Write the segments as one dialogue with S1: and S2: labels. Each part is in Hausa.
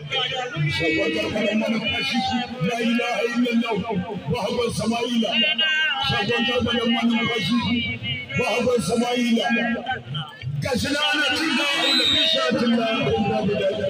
S1: شبكر بلمان يا لا إله إلا الله وهب سمايل شبكر بلمان الحشيشي وهب سمايل كشنا نتيجة ولكشات الله إلا بلاد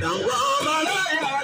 S1: Now,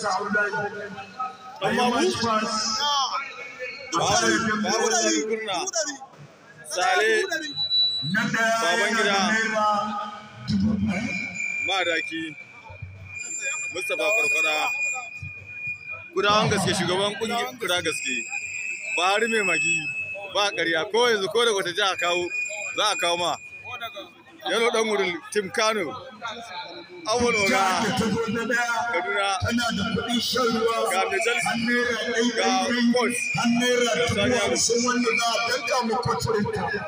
S1: Dr. Abdullahi. Amma mu babu da gaske shugaban kungiyar gaske bari mai magi ba ko yanzu ko da wata kawo za a kawo ma Yano dan wurin tim kano awal oga kaduna ga mizal ga kot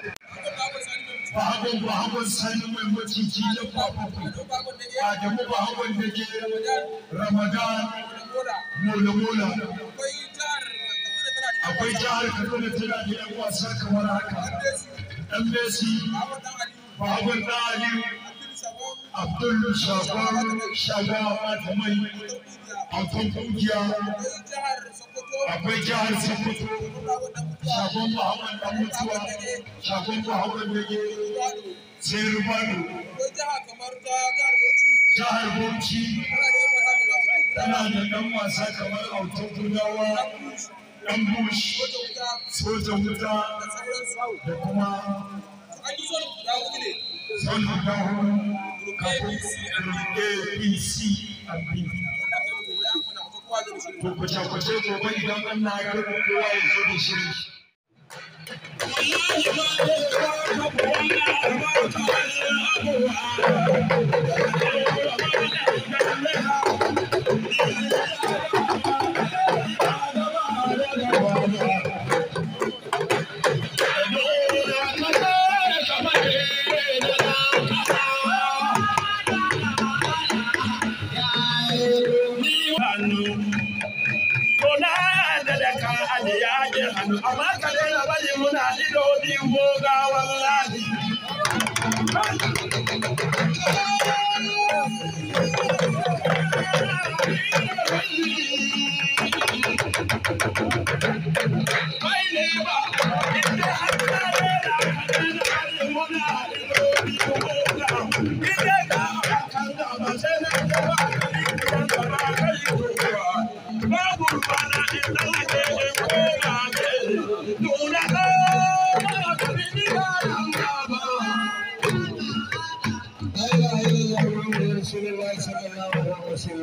S1: Ba sanyaru bahagon bahagon sani mai maciji na kwafafi adamu bahagon da ke ramadan mola-mola akwai jihar kaduna tana da yan wasa kamar haka ɗan messi Babu Ɗari, Abdul Shabar Shaga Matamai, akwai kungiya, akwai jihar Sokoto, Shagon Muhammad Dan Mutuwa, Shagon Muhammad Dage, sai Rubado. Jihar Bauchi tana da ɗan wasa kamar Autan Gudawa, ɗan Bush, Sojan Wuta da kuma sun dawo APC and APC and BP. To kwace-kwace gobe idan Allah ya karɓi kowa ya zo da shirin shi. Thank you.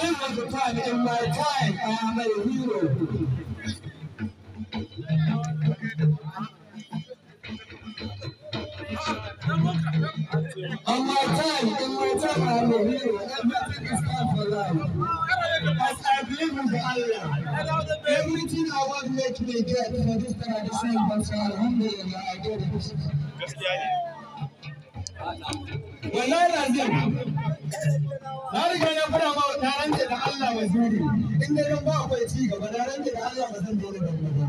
S1: None of the time in my time I am a hero. In my time, in my time, I'm a hero. Everything is done for love. As I believe in the Allah, everything I want make me get for this tradition, but so alhamdulillah, I get it. Well, I did. na riga na ba ma na da Allah waziri in dai ba akwai ci gaba da ranje da Allah ba zan dole dangu ba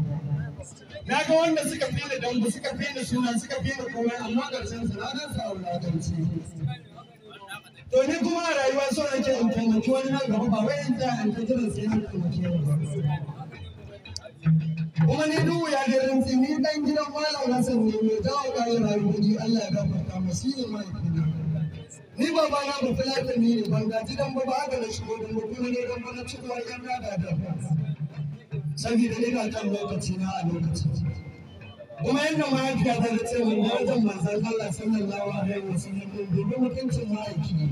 S1: na ga wanda suka fi ni dangu suka fi ni suna suka fi ni komai amma karshen su na dan sa wulakanci to ni kuma a rayuwa so nake in taimaki wani nan gaba ba wai in ta an ta jira sai na taimake ni ba kuma ni duk ya ga rinci ni dan gidan malam san ne mai dawo kayan rayuwa Allah ya gafarta masu yi ne mahaifina ni ba ba na rufe lafiyar ni ne ban gaji dan ba ba ga na shigo dan ba kuma ne dan ba na ci kuwa yan gaga da saboda ga kan lokaci na a lokacin kuma yadda mahaifiya ta da ce mun darajar manzon Allah sallallahu alaihi wasallam din domin mutuncin mahaifi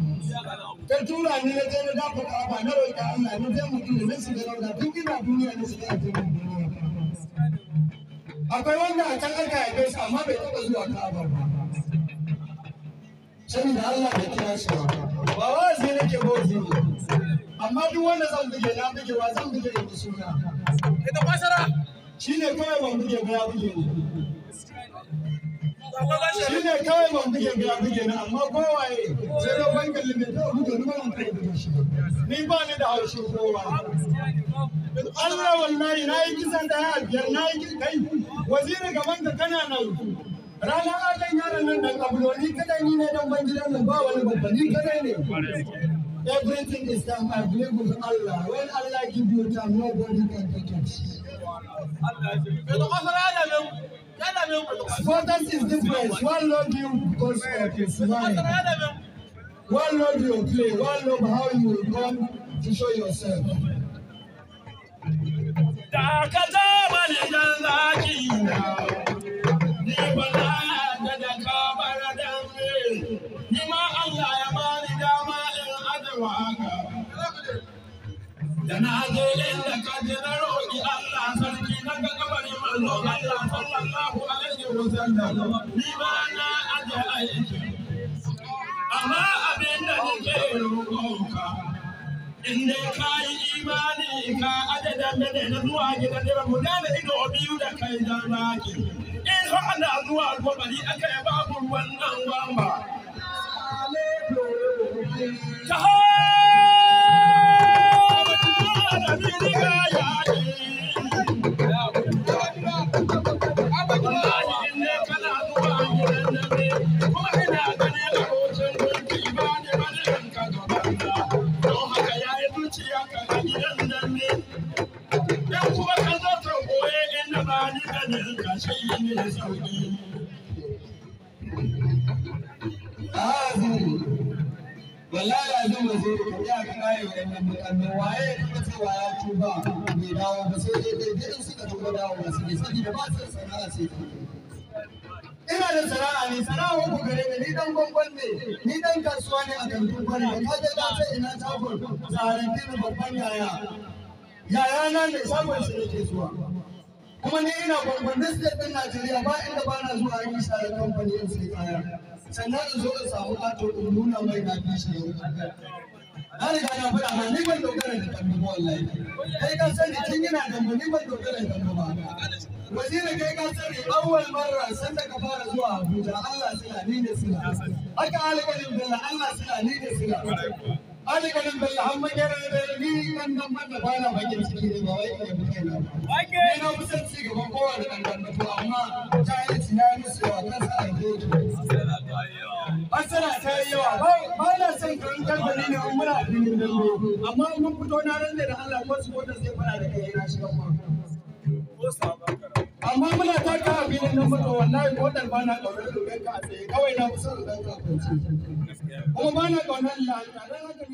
S1: ta tura ni na je na dafa kafa na roƙi Allah na je mutum da nasu da rauda tun ina duniya na shiga a cikin duniya akwai wanda a can aka haife shi amma bai taɓa zuwa ka'aba ba saboda Allah bai kira shi ba ba sai nake ba wazi ne amma duk wanda zan buge na buge wa zan buge da suna ita fasara shine kawai ban buge ba ya buge ni shine kawai ban buge ba ya buge ni amma kowaye sai da wani kallon da ta buge ni ban kai da shi ni ba ni da haushin kowa Allah wallahi na yi kisan da ya biyar na yi kai wazirin gaban ka kana nan ranar adon yaron nan dan abulo ni kadai ni ne dan ban gidan nan ba wani babba ni kadai ne everything is done I believe with Allah when Allah give you time nobody can take it Importance is different. One love you because of his mind. One love your play. One love how you will come to show yourself. Da kaza zama ne dan zaki na, ni ba ni ba na abin da nake roƙonka in dai imani ka na zuwa da mu da kai da naki zuwa alkobari aka babu ruwan nan wallahi azim ba zai ka dawo ba sai dai dai suka dawo ba ba su sana'a sai ina da sana'a ne sana'a uku gare ni ni dan gwangwan ne ni dan kasuwa ne a gandun gwani da je na sai ina shagon tsarin babban yaya yaya na ne shagon shi ke zuwa kuma ne yana da state ɗin Najeriya ba inda ba na zuwa yin share kamfani in sai kaya sannan in zo in samu ato in nuna mai na bishi ne na riga na fara ma ni ban dogara da kandu ba wallahi kai ka sani tun yana da mu ni ban dogara da kandu ba Wazir kai ka sani awwal marra san da ka fara zuwa Abuja Allah sila ni ne sila haka alƙalin billah Allah sila ni ne sila
S2: alƙalin bai
S1: hammagera da ni da na ciki ba wai da muke na ni na kowa da amma jahilci sa ta yi yawa ba na son muna filin amma mun fito na ran da Allah zai fara da shiga taka a filin nan mutu wallahi ko dan ba na ka a kawai na kusa da ɗan kafin Kuma ba na ƙaunar lalata